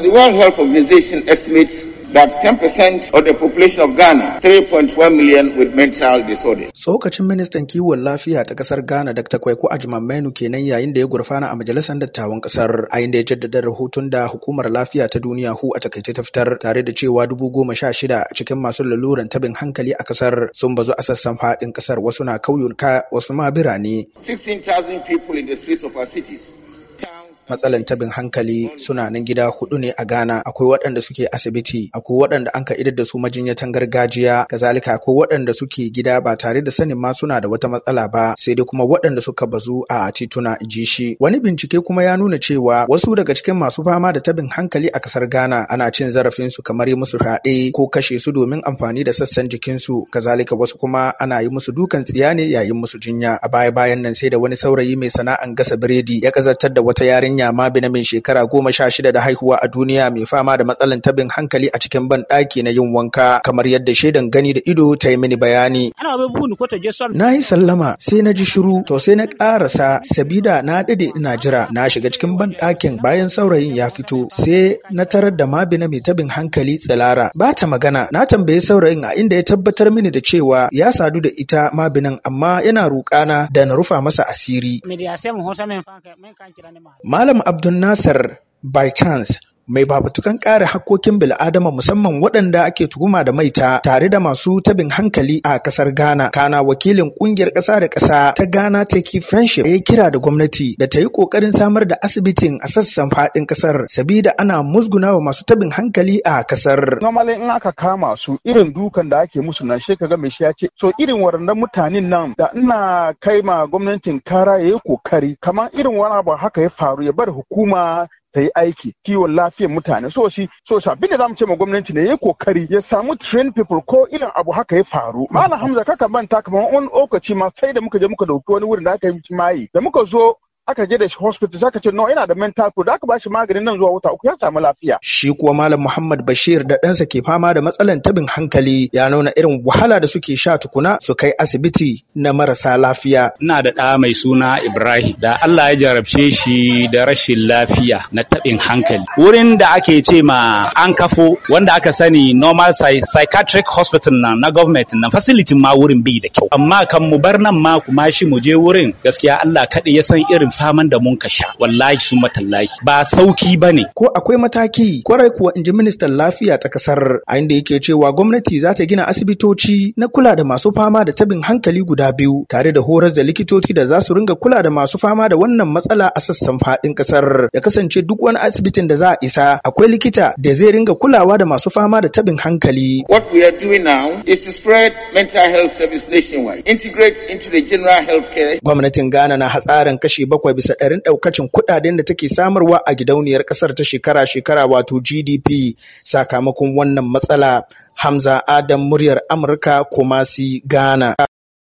The World Health Organization estimates that 10% of the population of Ghana, 3.1 million with mental disorders. Tsokacin ministan kiwon lafiya ta kasar Ghana Dr. Ajman Ajimamenu kenan yayin da ya gurfana a majalisar dattawan kasar a inda ya jaddada rahoton da hukumar lafiya ta duniya hu a takaice ta fitar tare da cewa dubu goma sha shida cikin masu laluran tabin hankali a kasar sun bazu a sassan faɗin kasar wasu na kauyuka wasu ma birane. 16,000 people in the streets of our cities. matsalan tabin hankali suna nan gida hudu ne a Ghana akwai waɗanda suke asibiti akwai waɗanda an ka idar da su majinyatan gargajiya kazalika akwai waɗanda suke gida ba tare da sanin ma suna da wata matsala ba sai dai kuma waɗanda suka bazu a tituna ji shi wani bincike kuma ya nuna cewa wasu daga cikin masu fama da tabin hankali a kasar Ghana ana cin zarafin su kamar yi musu fyaɗe ko kashe su domin amfani da sassan jikin su. kazalika wasu kuma ana yi musu dukan tsiya ne yayin musu jinya a baya bayan nan sai da wani saurayi mai sana'an gasa biredi ya kazartar da wata yarinya ma bi na min shekara goma sha shida da haihuwa a duniya mai fama da matsalar tabin hankali a cikin banɗaki na yin wanka kamar yadda shaidan gani da ido ta yi mini bayani. Na yi sallama sai na ji shiru to sai na ƙarasa sabida na daɗe ina jira na shiga cikin banɗakin bayan saurayin ya fito sai na tarar da mabina mai tabin hankali tsilara ba ta magana na tambayi saurayin a inda ya tabbatar mini da cewa ya sadu da ita mabinan amma yana roƙana da na rufa masa asiri. Malam Abdul Nasir by chance mai babatukan kare hakkokin bil'adama musamman waɗanda ake tuhuma da maita tare da masu tabin hankali a ƙasar Ghana. Kana wakilin ƙungiyar ƙasa da ƙasa ta Ghana Take Friendship ya kira da gwamnati da ta yi ƙoƙarin samar da asibitin a sassan faɗin ƙasar sabida ana musguna wa masu tabin hankali a ƙasar. Normally in aka kama su irin dukan da ake musu nan sheka ga mai shi ya ce so irin waɗannan mutanen nan da ina kai ma gwamnatin kara ya yi kokari kamar irin wani abu haka ya faru ya bar hukuma ta yi aiki kiwon lafiyar mutane so shi so shi abin da mu ce ma gwamnati ne ya kokari ya samu train people ko irin abu haka ya faru malam hamza kaka manta kamar wani lokaci ma sai da muka je muka dauki wani wurin da aka yi mayi da muka zo aka je da shi hospital sai aka ce no ina da mental problem aka bashi maganin nan zuwa wata uku ya samu lafiya shi kuwa malam Muhammad Bashir da ɗansa ke fama da matsalan tabin hankali ya nuna irin wahala da suke sha tukuna su kai asibiti na marasa lafiya ina da ɗa mai suna Ibrahim da Allah ya jarabce shi da rashin lafiya na tabin hankali wurin da ake ce ma an kafo wanda aka sani normal psychiatric hospital na na government na facility ma wurin bai da kyau amma kan mu bar nan ma kuma shi mu je wurin gaskiya Allah kaɗai ya san irin faman da mun ka sha wallahi sun matallahi ba sauki ba ne. Ko akwai mataki kwarai kuwa in ji ministan lafiya ta kasar a inda yake cewa gwamnati za ta gina asibitoci na kula da masu fama da tabin hankali guda biyu tare da horas da likitoci da za su ringa kula da masu fama da wannan matsala a sassan faɗin kasar ya kasance duk wani asibitin da za a isa akwai likita da zai ringa kulawa da masu fama da tabin hankali. What we are doing now is to spread mental health service nationwide, integrate into the general health care. Gwamnatin Ghana na hatsarin kashe bakwai bakwai bisa ɗarin ɗaukacin kuɗaɗen da take samarwa a gidauniyar ƙasar ta shekara-shekara wato GDP sakamakon wannan matsala. Hamza Adam muryar Amurka kuma si Ghana.